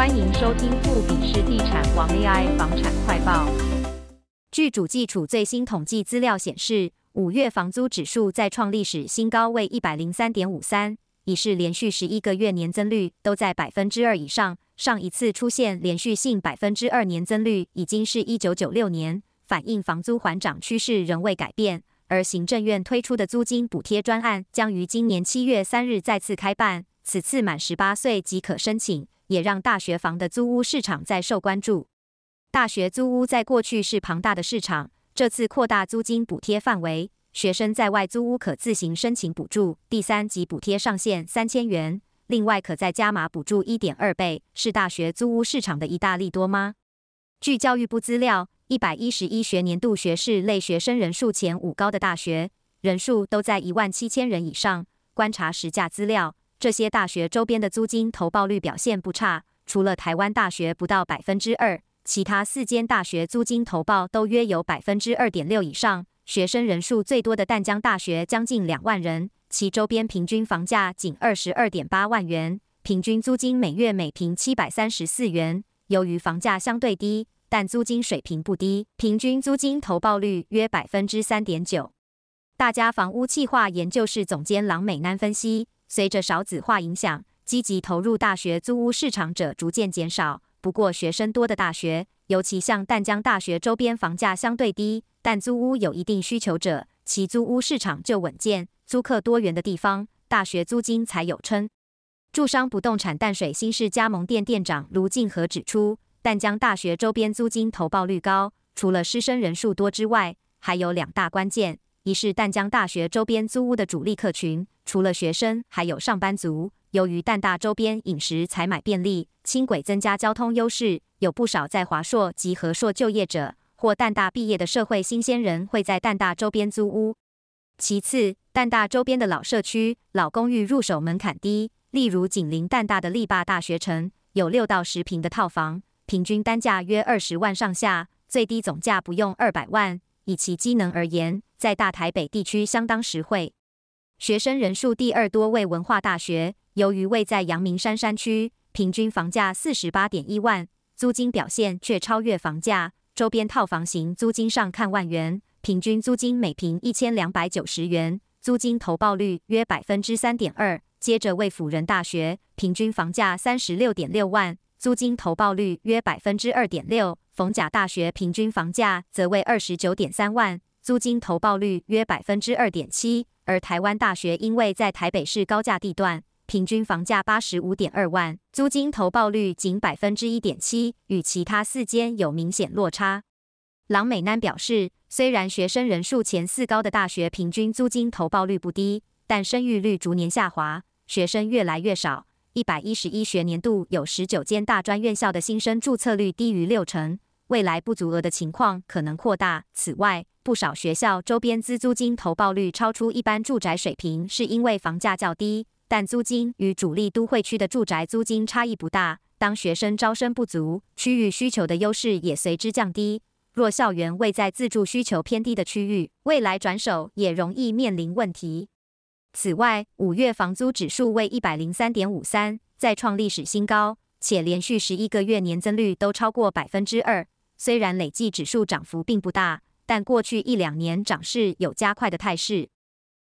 歡迎收聽富比士地產王 AI 房產快報。據主計處最新統計資料顯示，五月房租指數再創歷史新高，為一百零三點五三，已是連續十一個月年增率都在百分之二以上。上一次出現連續性百分之二年增率，已經是一九九六年。反映房租緩漲趨勢仍未改變。而行政院推出的租金補貼專案，將於今年七月三日再次開辦，此次滿十八歲即可申請。也讓大學房的租屋市場再受關注。大學租屋在過去是龐大的市場，這次擴大租金補貼範圍，學生在外租屋可自行申請補助，第三級補貼上限三千元，另外可再加碼補助一點二倍，是大學租屋市場的一大利多嗎？據教育部資料，一百一十一學年度學士類學生人數前五高的大學，人數都在一萬七千人以上。觀察實價資料。這些大學周邊的租金投報率表現不差，除了台灣大學不到百分之二，其他四間大學租金投報都約有百分之二點六以上。學生人數最多的淡江大學將近兩萬人，其周邊平均房價僅二十二點八萬元，平均租金每月每坪七百三十四元。由於房價相對低，但租金水平不低，平均租金投報率約百分之三點九。大家房屋企劃研究室總監郎美南分析。隨着少子化影響，積極投入大學租屋市場者逐漸減少。不過，學生多的大學，尤其像淡江大學周邊，房價相對低，但租屋有一定需求者，其租屋市場就穩健。租客多元的地方，大學租金才有撐。住商不動產淡水新市加盟店店長盧敬和指出，淡江大學周邊租金投報率高，除了師生人數多之外，還有兩大關鍵。一是淡江大學周邊租屋的主力客群，除了學生，還有上班族。由於淡大周邊飲食採買便利，輕軌增加交通優勢，有不少在華碩及和碩就業者或淡大畢業的社會新鮮人會在淡大周邊租屋。其次，淡大周邊的老社區、老公寓入手門檻低，例如緊鄰淡大的力霸大學城，有六到十坪的套房，平均單價約二十萬上下，最低總價不用二百萬。以其機能而言，在大台北地區相當實惠。學生人數第二多為文化大學，由於位在陽明山山區，平均房價四十八點一萬，租金表現卻超越房價。周邊套房型租金上看萬元，平均租金每坪一千兩百九十元，租金投報率約百分之三點二。接着為輔仁大學，平均房價三十六點六萬，租金投報率約百分之二點六。逢甲大學平均房價則為二十九點三萬，租金投報率約百分之二點七；而台灣大學因為在台北市高價地段，平均房價八十五點二萬，租金投報率僅百分之一點七，與其他四間有明顯落差。郎美男表示，雖然學生人數前四高的大學平均租金投報率不低，但生育率逐年下滑，學生越來越少。一百一十一學年度有十九間大專院校的新生註冊率低於六成。未來不足額的情況可能擴大。此外，不少學校周邊資租金投報率超出一般住宅水平，是因為房價較低，但租金與主力都會區的住宅租金差異不大。當學生招生不足，區域需求的優勢也隨之降低。若校園位在自住需求偏低的區域，未來轉手也容易面臨問題。此外，五月房租指數為一百零三點五三，再創歷史新高，且連續十一個月年增率都超過百分之二。雖然累計指數漲幅並不大，但過去一兩年漲勢有加快的態勢。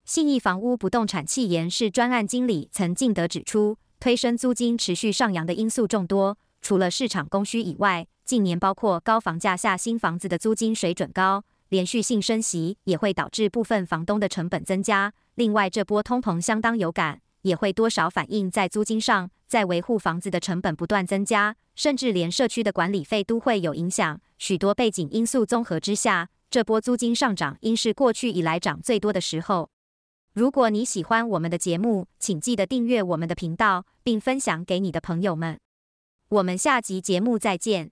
信義房屋不動產企研室專案經理曾敬德指出，推升租金持續上揚的因素眾多，除了市場供需以外，近年包括高房價下新房子的租金水準高，連續性升息也會導致部分房東的成本增加。另外，這波通膨相當有感，也會多少反映在租金上，在維護房子的成本不斷增加。甚至連社區的管理費都會有影響，許多背景因素綜合之下，這波租金上漲應是過去以來漲最多的時候。如果你喜歡我們的節目，請記得訂閱我們的頻道，並分享給你的朋友們。我們下集節目再見。